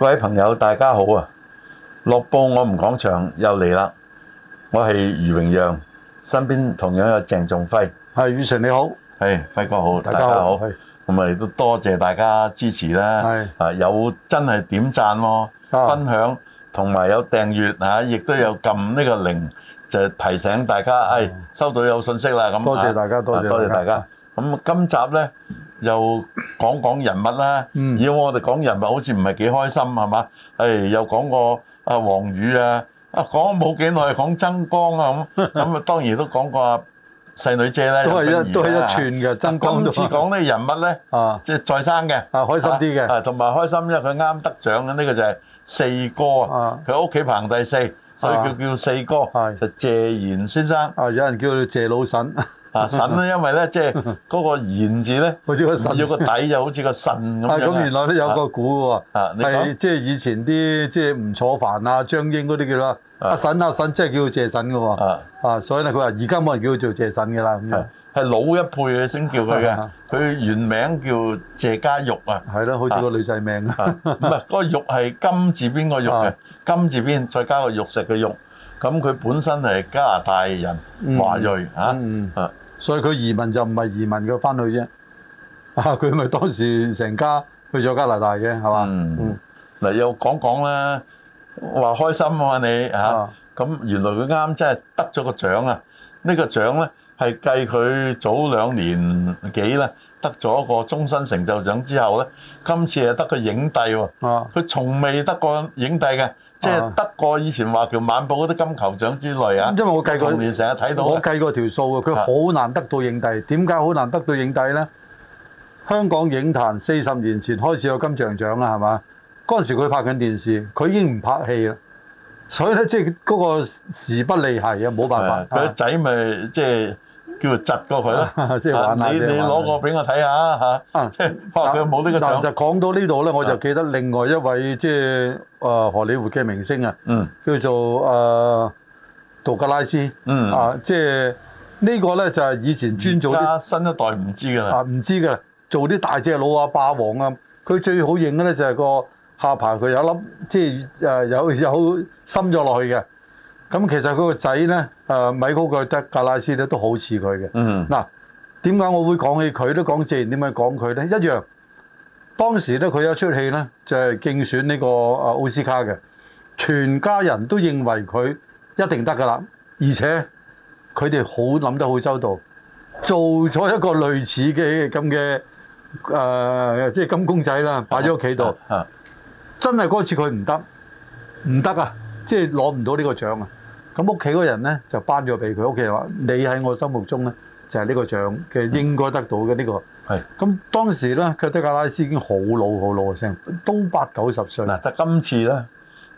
各位朋友，大家好啊！《樂報我哋講場》又嚟啦，我係余榮讓，身邊同樣有鄭仲輝。係，宇成你好，係輝哥好，大家好。咁啊，亦都多謝大家支持啦。係啊，有真係點贊、分享，同埋有訂閱啊，亦都有撳呢個鈴，就提醒大家，哎，收到有信息啦。咁多謝大家，多謝大家。咁今集咧。.又講講人物啦，而我哋講人物好似唔係幾開心係嘛？誒又講個阿黃宇啊，啊講冇幾耐講曾江啊咁，咁啊當然都講過阿細女姐咧，都係一都係一串嘅。今次講呢人物咧，啊即係再生嘅，啊開心啲嘅，同埋開心，因為佢啱得獎嘅呢個就係四哥啊，佢屋企排第四，所以叫叫四哥，就謝賢先生啊，有人叫佢謝老沈。啊賢咧，因為咧即係嗰個言字咧，好似 個腎神；要個底就好似個腎咁。咁， 原來都有個古喎。啊，係即係以前啲即係吳楚帆啊、張瑛嗰啲叫啦。阿賢阿賢，即係叫佢謝賢嘅喎。啊所以咧佢話：而家冇人叫佢做謝賢嘅啦。咁樣係老一輩嘅先叫佢嘅。佢 原名叫謝家玉啊。係咯， 好似個女仔名啊。唔 係，嗰、嗰個玉係金字邊個玉嘅？ 金字邊再加個玉石嘅玉。咁佢本身係加拿大人華裔嚇啊。 嗯嗯嗯。所以佢移民就唔係移民佢翻去啫，啊佢咪當時成家去咗加拿大嘅，係嘛？嗯，嗱吧、嗯、又講講啦，話開心啊你嚇，咁原來佢啱真係得咗個獎啊！呢、呢個獎咧係計佢早兩年幾咧得咗一個終身成就獎之後咧，今次係得個影帝喎，佢從未得過影帝嘅。啊即係得過以前華僑晚報嗰啲金球獎之類啊。因為我計過，年到我計過條數啊。佢好難得到影帝，點解好難得到影帝咧？香港影壇四十年前開始有金像獎啊，係嘛？嗰陣時佢拍緊電視，佢已經唔拍戲啦。所以咧，即係嗰個時不利係啊，冇辦法。佢個仔咪即係。叫做窒過佢啦，即係 玩，玩你你攞個俾我睇下嚇。即係、嗯，佢冇呢個相。就講、是、到呢度咧，我就記得另外一位即係啊荷里活嘅明星啊，叫做啊、呃、杜格拉斯、嗯、啊，即係呢個咧就係以前專做啲新一代唔知噶啦。啊，唔知噶，做啲大隻佬啊，霸王啊，佢最好認嘅咧就係個下巴一個，佢、就是、有粒即係誒有好深咗落去嘅。咁其實佢個仔咧，誒米高巨德格拉斯咧都好似佢嘅。嗱、嗯哼，點解我會講起佢都講自然？點樣講佢咧？一樣，當時咧佢有出戲咧，就係、是、競選呢個誒奧斯卡嘅，全家人都認為佢一定得噶啦，而且佢哋好諗得好周到，做咗一個類似嘅咁嘅誒，即係金公仔啦，擺咗屋企度。啊，啊真係嗰次佢唔得，唔得啊！即係攞唔到呢個獎啊！咁屋企嗰人咧就頒咗俾佢屋企人話：你喺我心目中咧就係、是、呢個獎嘅應該得到嘅呢、這個。係、嗯。咁當時咧，佢德格拉斯已經好老好老嘅聲，都八九十歲。嗱、啊，但今次咧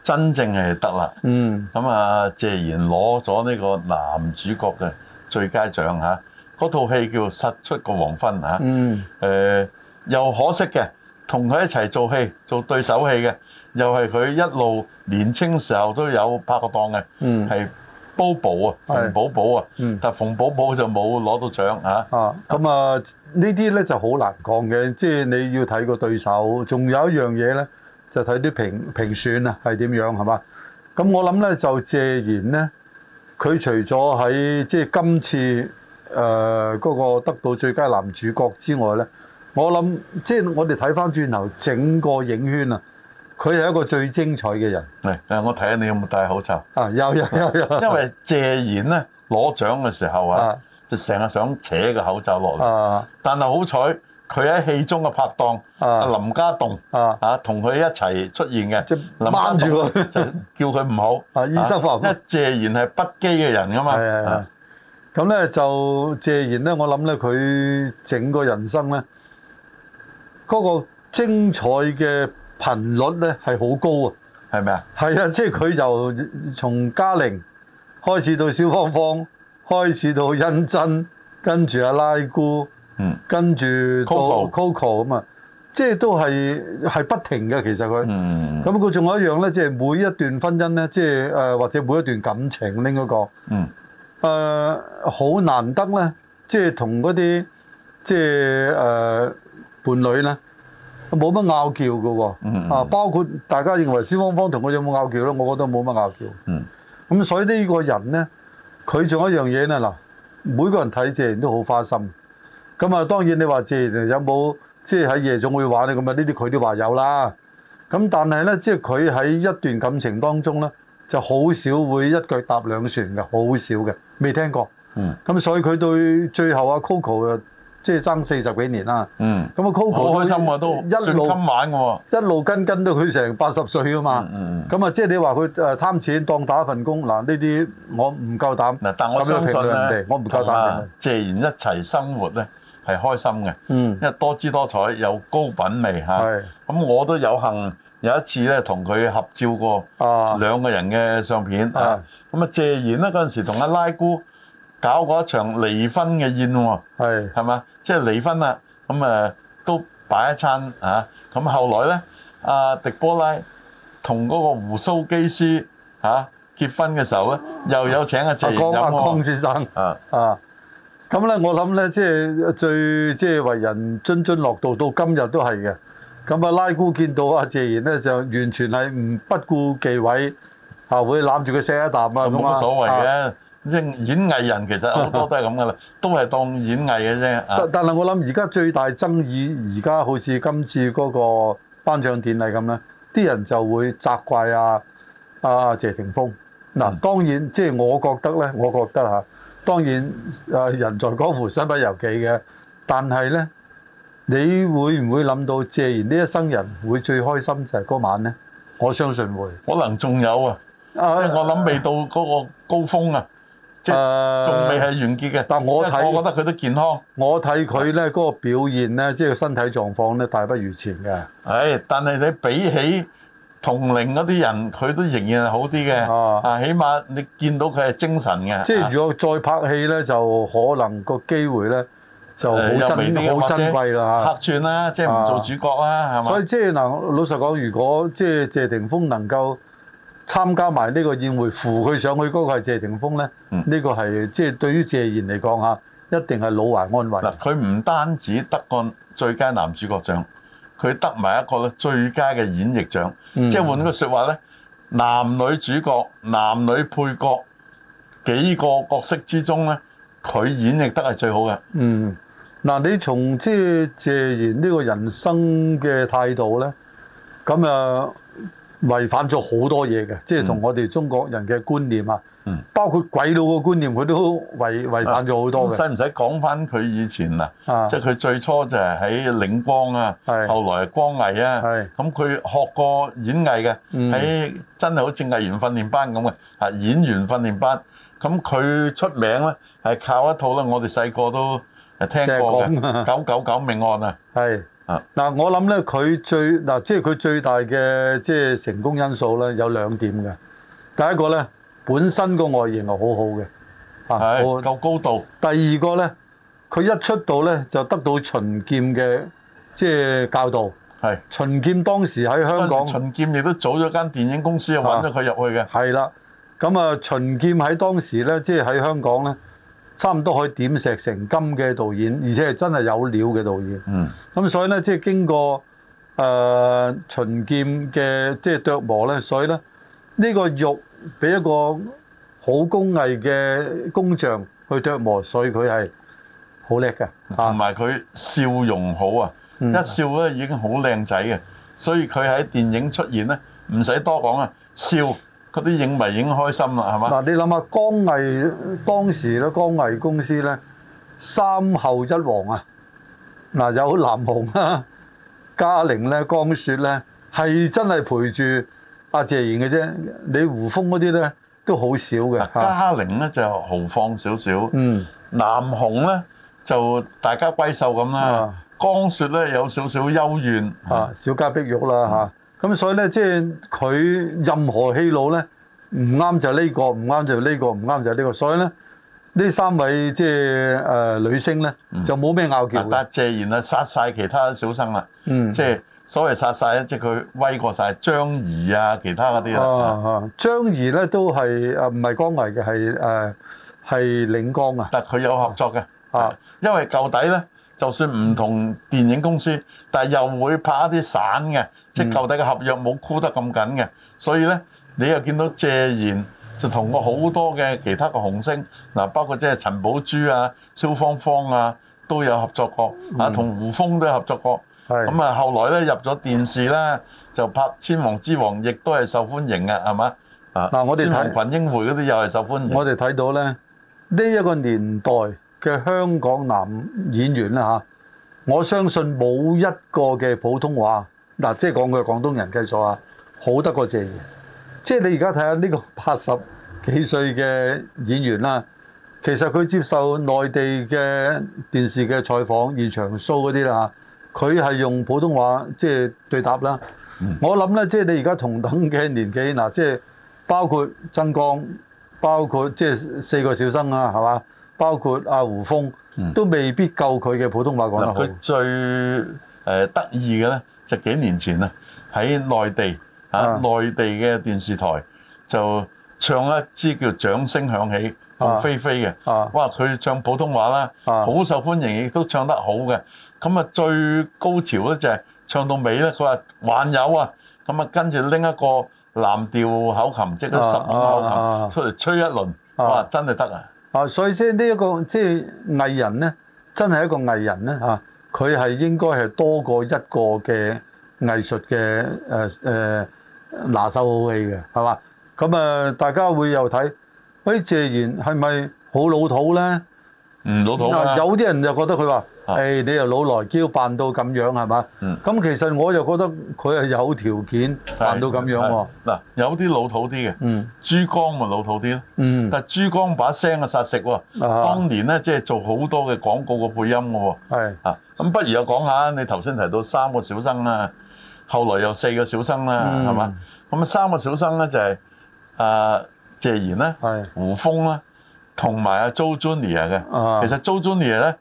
真正係得啦。嗯。咁啊，謝賢攞咗呢個男主角嘅最佳獎嚇、啊，嗰套戲叫《殺出個黃昏》嚇、啊。嗯。誒、呃，又可惜嘅，同佢一齊做戲做對手戲嘅。又係佢一路年青時候都有拍過檔嘅，係 Bobo 啊，馮寶寶啊，是但係馮寶寶就冇攞到獎、嗯、啊。啊，咁啊、嗯、呢啲咧就好、是、難講嘅，即、就、係、是、你要睇個對手，仲有一樣嘢咧就睇啲評評選啊，係點樣係嘛？咁我諗咧就謝賢咧，佢除咗喺即係今次誒嗰、呃那個得到最佳男主角之外咧，我諗即係我哋睇翻轉頭整個影圈啊。佢係一個最精彩嘅人嚟，誒我睇下你有冇戴口罩啊？有有有有，因為謝賢咧攞獎嘅時候啊，就成日想扯個口罩落嚟，但係好彩佢喺戲中嘅拍檔啊，林家棟啊嚇同佢一齊出現嘅，即係掹住佢就叫佢唔好啊，醫生話一，謝賢係不羈嘅人㗎嘛，咁咧就謝賢咧，我諗咧佢整個人生咧嗰個精彩嘅。頻率咧係好高啊，係咪啊？係啊，即係佢由從嘉玲開始到蕭芳芳開始到印真，跟住阿拉姑，嗯，跟住 Coco Coco 咁啊，即係都係係不停嘅。其實佢，嗯，咁佢仲有一樣咧，即係每一段婚姻咧，即係誒、呃、或者每一段感情拎該講，那個、嗯，誒好、呃、難得咧，即係同嗰啲即係誒、呃、伴侶咧。冇乜拗撬嘅喎，mm hmm. 啊，包括大家認為蕭芳芳同佢有冇拗撬咧，我覺得冇乜拗撬。嗯、mm，咁、hmm. 所以呢個人咧，佢仲有一樣嘢咧嗱，每個人睇謝賢都好花心。咁啊，當然你話謝賢有冇即係喺夜總會玩咧？咁啊，呢啲佢都話有啦。咁但係咧，即係佢喺一段感情當中咧，就好少會一腳踏兩船嘅，好少嘅，未聽過。嗯、mm，咁、hmm. 所以佢對最後阿、啊、Coco 嘅。即係爭四十幾年啦，咁啊 Coco 好開心啊都，一路玩㗎喎，一路跟跟到佢成八十歲啊嘛，咁啊即係你話佢誒貪錢當打一份工嗱呢啲我唔夠膽嗱，但係我相信咧，我唔夠膽謝賢一齊生活咧係開心嘅，因為多姿多彩有高品味嚇，咁我都有幸有一次咧同佢合照過，兩個人嘅相片啊，咁啊謝賢咧嗰陣時同阿拉姑。搞嗰一場離婚嘅宴喎，係係嘛，即係離婚啦，咁誒都擺一餐嚇。咁、啊、後來咧，阿、啊、迪波拉同嗰個胡鬚基斯嚇、啊、結婚嘅時候咧，又有請阿、啊、謝賢阿、啊啊、先生啊是啊。咁咧，我諗咧，即係最即係為人津津樂道到今日都係嘅。咁啊，拉姑見到阿、啊、謝賢咧，就完全係唔不顧忌諱，嚇、啊，會攬住佢錫一啖啊冇乜所謂嘅。啊啊啊演藝人其實好多都係咁噶啦，嗯、都係當演藝嘅啫。但但係我諗而家最大爭議，而家好似今次嗰個頒獎典禮咁咧，啲人就會責怪啊啊謝霆鋒。嗱、啊，當然、嗯、即係我覺得咧，我覺得嚇、啊，當然誒人在江湖身不由己嘅，但係咧，你會唔會諗到謝賢呢一生人會最開心就係嗰晚咧？我相信會，可能仲有啊，我諗未到嗰個高峰啊！誒，仲未係完結嘅。但我睇，我覺得佢都健康。我睇佢咧嗰個表現咧，的即係身體狀況咧，大不如前嘅。誒，但係你比起同齡嗰啲人，佢都仍然係好啲嘅。啊的，起碼你見到佢係精神嘅。即係如果再拍戲咧，的就可能個機會咧就好珍好珍貴啦嚇。客串啦、啊，即係唔做主角啦，係嘛的？所以即係嗱，老實講，如果即係謝霆鋒能夠參加埋呢個宴會扶佢上去嗰個係謝霆鋒咧，呢、嗯、個係即係對於謝賢嚟講嚇，一定係老懷安慰。嗱，佢唔單止得個最佳男主角獎，佢得埋一個最佳嘅演繹獎，嗯、即係換個説話咧，男女主角、男女配角幾個角色之中咧，佢演繹得係最好嘅。嗯，嗱，你從即係謝賢呢個人生嘅態度咧，咁啊～違反咗好多嘢嘅，即係同我哋中國人嘅觀念啊，包括鬼佬嘅觀念，佢都違違反咗好多嘅。使唔使講返佢以前啊？即係佢最初就係喺嶺光啊，後來係光藝啊，咁佢學過演藝嘅，喺真係好似藝員訓練班咁嘅，啊演員訓練班。咁佢出名咧，係靠一套咧，我哋細個都係聽過嘅《九九九命案》啊。嗱、啊，我諗咧，佢最嗱、啊，即係佢最大嘅即係成功因素咧，有兩點嘅。第一個咧，本身個外形又好好嘅，係夠是、啊、高度。第二個咧，佢一出道咧就得到秦劍嘅即係教導，係秦劍當時喺香港，秦劍亦都組咗間電影公司揾咗佢入去嘅。係啦，咁啊，秦劍喺當時咧，即係喺香港咧。差唔多可以點石成金嘅導演，而且係真係有料嘅導演。嗯。咁所以咧，即係經過誒呃、秦劍嘅即係琢磨咧，所以咧呢個玉俾一個好工藝嘅工匠去琢磨，所以佢係好叻嘅。同埋佢笑容好啊，嗯、一笑咧已經好靚仔嘅，所以佢喺電影出現咧，唔使多講啊，笑。嗰啲影迷已經開心啦，係嘛？嗱、啊，你諗下江藝當時咧，江藝公司咧三後一王啊，嗱、啊、有南紅啊、嘉玲咧、江雪咧，係真係陪住阿謝賢嘅啫。你胡楓嗰啲咧都好少嘅。嘉玲咧就豪放少少，嗯，南紅咧就大家閨秀咁啦，江雪咧有少少幽怨啊，小家是碧玉啦嚇。啊。咁所以咧，即係佢任何戲路咧，唔啱就呢個，唔啱就呢個，唔啱就呢個。所以咧，呢三位即係誒女星咧，就冇咩拗撬。但係謝賢啊，殺曬其他小生啦。嗯，即係所謂殺曬，即係佢威過曬張怡啊，其他嗰啲啊。張怡咧都係誒唔係江華嘅，係誒係嶺江啊。但係佢有合作嘅啊，因為舊底咧，就算唔同電影公司，但係又會拍一啲散嘅。即係舊底嘅合約冇箍得咁緊嘅，所以咧你又見到謝賢就同過好多嘅其他嘅紅星嗱，包括即係陳寶珠啊、蕭芳芳啊都有合作過啊，同胡楓都合作過。係咁啊，後來咧入咗電視咧就拍《千王之王》，亦都係受歡迎嘅，係嘛啊？嗱，我哋睇羣英會嗰啲又係受歡迎。我哋睇到咧呢一個年代嘅香港男演員咧嚇，我相信冇一個嘅普通話。嗱，即係講佢係廣東人嘅啊，好得過謝賢。即係你而家睇下呢個八十幾歲嘅演員啦，其實佢接受內地嘅電視嘅採訪、現場 show 嗰啲啦嚇，佢係用普通話即係對答啦。嗯、我諗咧，即係你而家同等嘅年紀，嗱，即係包括曾江，包括即係四個小生啊，係嘛？包括阿、啊、胡楓，都未必夠佢嘅普通話講得好。佢、嗯、最誒、呃、得意嘅咧？就幾年前啊，喺內地啊，內地嘅電視台就唱一支叫《掌聲響起》鳳飛飛嘅，啊、哇！佢唱普通話啦，好、啊、受歡迎，亦都唱得好嘅。咁啊，最高潮咧就係唱到尾咧，佢話還有啊，咁啊，跟住拎一個藍調口琴，即係都十孔口琴出嚟吹一輪，啊、哇！真係得啊！啊，所以即係呢一個即係、就是、藝人咧，真係一個藝人咧嚇。啊佢係應該係多過一個嘅藝術嘅、呃呃、拿手好戲嘅，係嘛？咁啊，大家會又睇，喂、欸，謝賢係咪好老土呢？唔老土、啊啊。有啲人就覺得佢話。誒，你又老來嬌扮到咁樣係嘛？咁其實我又覺得佢係有條件扮到咁樣喎。嗱，有啲老土啲嘅，珠江咪老土啲咯。但係珠江把聲啊殺食喎。當年咧即係做好多嘅廣告嘅配音嘅喎。係啊，咁不如又講下你頭先提到三個小生啦，後來有四個小生啦，係嘛？咁啊三個小生咧就係啊謝賢啦，胡楓啦，同埋阿 Joe Junior 嘅。其實 Joe Junior 咧。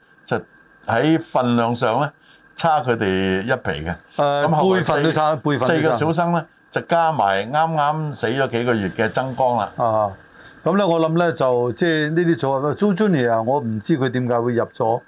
喺份量上咧，差佢哋一皮嘅。誒，咁後邊四個小生咧，就加埋啱啱死咗幾個月嘅曾江啦。啊，咁咧我諗咧就即係呢啲組合啊，Joe Junior 啊，我唔知佢點解會入咗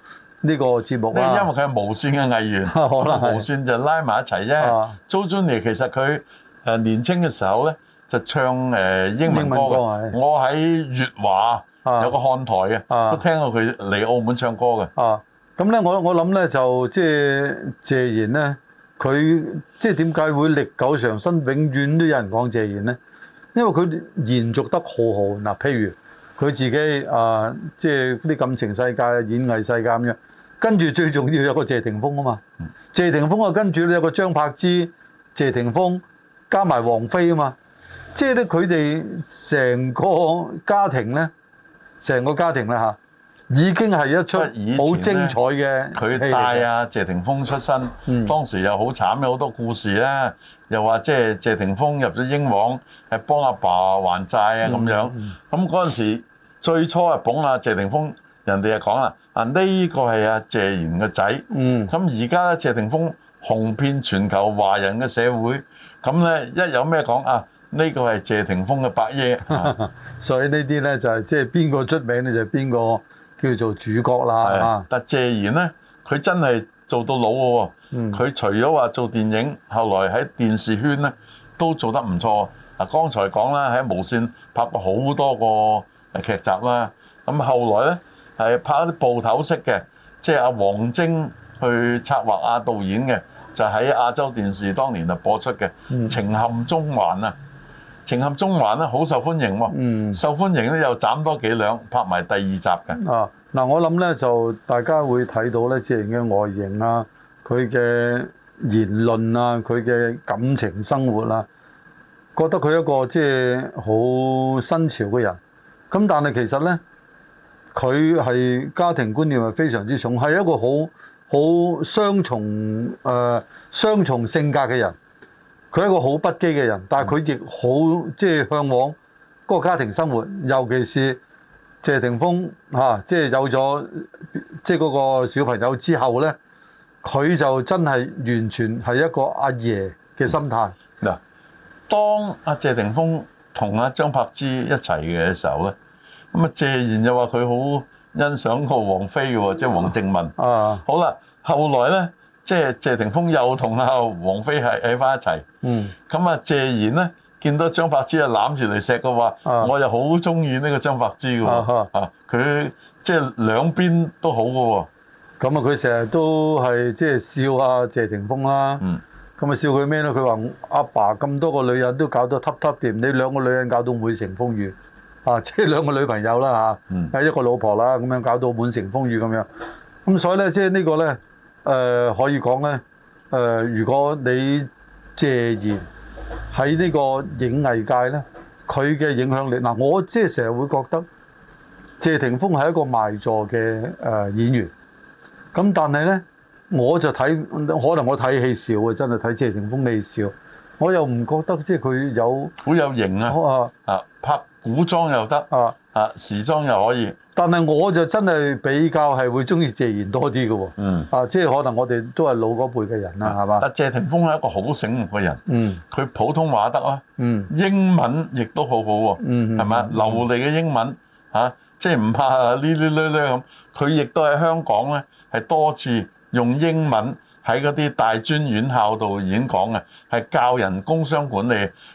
呢個節目啊。因為佢係無線嘅藝員，可能無線就拉埋一齊啫。Joe Junior 其實佢誒年青嘅時候咧，就唱誒英文歌嘅。英文歌係。我喺粵華有個看台啊，都聽過佢嚟澳門唱歌嘅。啊。咁咧，我我諗咧就即係謝賢咧，佢即係點解會歷久常新，永遠都有人講謝賢咧？因為佢延續得好好。嗱、呃，譬如佢自己啊、呃，即係啲感情世界、演藝世界咁樣。跟住最重要有個謝霆鋒啊嘛。謝霆鋒啊，跟住咧有個張柏芝、謝霆鋒加埋王菲啊嘛。即係咧，佢哋成個家庭咧，成個家庭啦嚇。已經係一出好精彩嘅，佢帶阿、啊、謝霆鋒出身，嗯、當時又好慘，嘅好多故事啦、啊。又話即係謝霆鋒入咗英皇，係幫阿爸，爸還債啊咁樣。咁嗰陣時最初係捧阿謝霆鋒，人哋就講啦：啊呢、呢個係阿、啊、謝賢嘅仔。咁而家咧，謝霆鋒紅遍全球華人嘅社會，咁咧一有咩講啊？呢、呢個係謝霆鋒嘅伯爺。啊、 所以呢啲咧就係即係邊個出名咧就邊個。就係叫做主角啦嚇，但謝賢咧，佢真係做到老嘅喎。佢、嗯、除咗話做電影，後來喺電視圈咧都做得唔錯。嗱，剛才講啦，喺無線拍過好多個劇集啦。咁後來咧係拍一啲部頭式嘅，即係阿王晶去策劃阿導演嘅，就喺亞洲電視當年就播出嘅《嗯、情陷中環》啊。情陷中環咧，好受歡迎喎、哦。受歡迎咧，又斬多幾兩，拍埋第二集嘅。啊，嗱，我諗咧就大家會睇到咧，之前嘅外形啊，佢嘅言論啊，佢嘅感情生活啊，覺得佢一個即係好新潮嘅人。咁但係其實咧，佢係家庭觀念係非常之重，係一個好好雙重誒、呃、雙重性格嘅人。佢係一個好不羈嘅人，但係佢亦好即係向往嗰個家庭生活，尤其是謝霆鋒嚇，即係有咗即係嗰個小朋友之後咧，佢就真係完全係一個阿爺嘅心態。嗱，當阿謝霆鋒同阿張柏芝一齊嘅時候咧，咁啊謝賢就話佢好欣賞過王菲嘅，即係王靜文啊。啊，好啦，後來咧。即係謝霆鋒又同阿王菲係喺翻一齊，咁啊、嗯、謝賢咧見到張柏芝啊攬住嚟錫佢話，啊、我又好中意呢個張柏芝嘅喎，佢、啊啊啊、即係兩邊都好嘅喎。咁啊、嗯，佢成日都係即係笑下謝霆鋒啦，咁啊笑佢咩咧？佢話阿爸咁多個女人都搞到嗒嗒掂，你兩個女人搞到滿城風雨啊！即係兩個女朋友啦吓，啊、嗯、一個老婆啦咁樣搞到滿城風雨咁樣。咁、啊、所以咧，即係呢個咧。誒、呃、可以講咧，誒、呃、如果你謝賢喺呢個影藝界咧，佢嘅影響力嗱、呃，我即係成日會覺得謝霆鋒係一個賣座嘅誒、呃、演員。咁但係咧，我就睇可能我睇戲少啊，真係睇謝霆鋒戲少，我又唔覺得即係佢有好有型啊！啊，拍古裝又得啊！啊，時裝又可以，但係我就真係比較係會中意謝賢多啲嘅喎。嗯。啊，即係可能我哋都係老嗰輩嘅人啦，係嘛？啊，謝霆鋒係一個好醒目嘅人。嗯。佢普通話得啦。嗯。英文亦都好好喎。嗯。係嘛？流利嘅英文嚇，即係唔怕呢呢呢啲咁。佢亦都喺香港咧，係多次用英文。喺嗰啲大專院校度已經講嘅，係教人工商管理，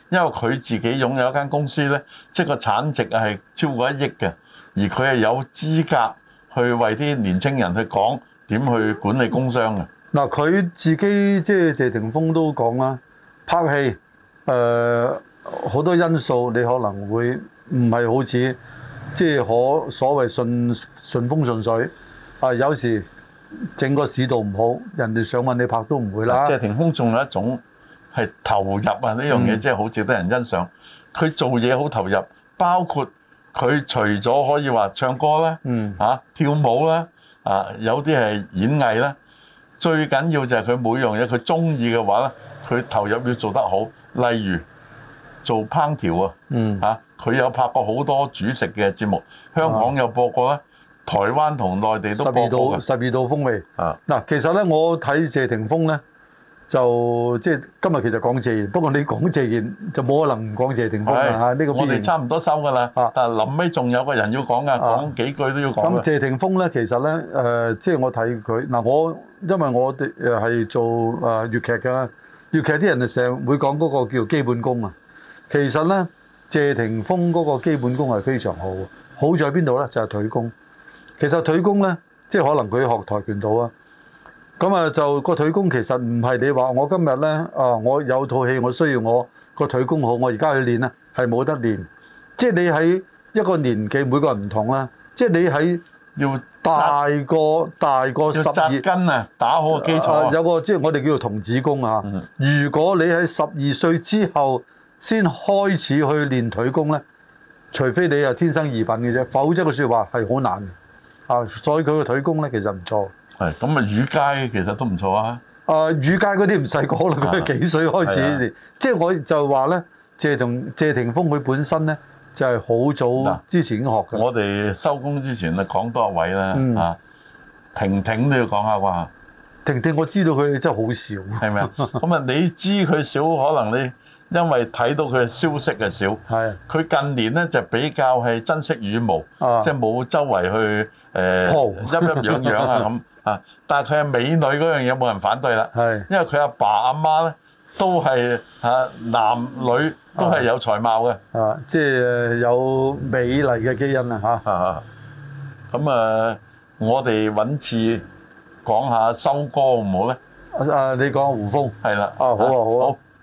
因為佢自己擁有一間公司呢，即係個產值係超過一億嘅，而佢係有資格去為啲年青人去講點去管理工商嘅。嗱，佢自己即係謝霆鋒都講啦，拍戲誒好、呃、多因素，你可能會唔係好似即係可所謂順順風順水啊，有時。整個市道唔好，人哋想問你拍都唔會啦。謝霆鋒仲有一種係投入啊，呢樣嘢真係好值得人欣賞。佢、嗯、做嘢好投入，包括佢除咗可以話唱歌啦，嗯，啊跳舞啦、啊，啊有啲係演藝啦、啊。最緊要就係佢每樣嘢佢中意嘅話咧，佢投入要做得好。例如做烹調啊，嗯，啊佢有拍過好多煮食嘅節目，香港有播過啦、啊。啊台灣同內地都十二度，十二度風味？啊！嗱，其實咧，我睇謝霆鋒咧，就即係今日其實講謝賢，不過你講謝賢就冇可能唔講謝霆鋒啊！嚇，呢個我哋差唔多收噶啦。啊！但係諗起仲有個人要講噶，講幾句都要講。咁謝霆鋒咧，其實咧，誒，即係我睇佢嗱，我因為我哋係做誒粵劇噶啦，粵劇啲人就成日會講嗰個叫基本功啊。其實咧，謝霆鋒嗰個基本功係非常好，好在邊度咧？就係腿功。其實腿功呢，即係可能佢學跆拳道啊，咁啊就個腿功其實唔係你話我今日呢，啊，我有套戲我需要我個腿功好，我而家去練啊，係冇得練。即係你喺一個年紀，每個人唔同啦。即係你喺要大個要紮大個十二根啊，打好個基礎，啊。有個即係我哋叫做童子功啊。嗯、如果你喺十二歲之後先開始去練腿功呢，除非你係天生異稟嘅啫，否則嘅説話係好難。啊！所以佢個腿功咧，其實唔錯。係咁啊，雨佳其實都唔錯啊。啊、嗯，雨佳嗰啲唔使講啦，佢係幾歲開始？啊啊、即係我就係話咧，謝同謝霆鋒佢本身咧，就係、是、好早之前已經學嘅。嗯、我哋收工之前啊，講多一位啦嚇，婷婷你要講下啩？婷婷我知道佢真係好少，係咪啊？咁啊，你知佢少，可能你。因為睇到佢嘅消息嘅少，係佢的近年咧就比較係珍惜羽毛，啊，即係冇周圍去誒陰陰陽陽啊咁啊。但係佢係美女嗰樣嘢冇人反對啦，係的因為佢阿爸阿媽咧都係嚇男女都係有才貌嘅，啊，即係有美麗嘅基因啊嚇。咁啊，啊，我哋揾次講下收歌好唔好咧？啊，你講胡風係啦，啊好啊好啊。好啊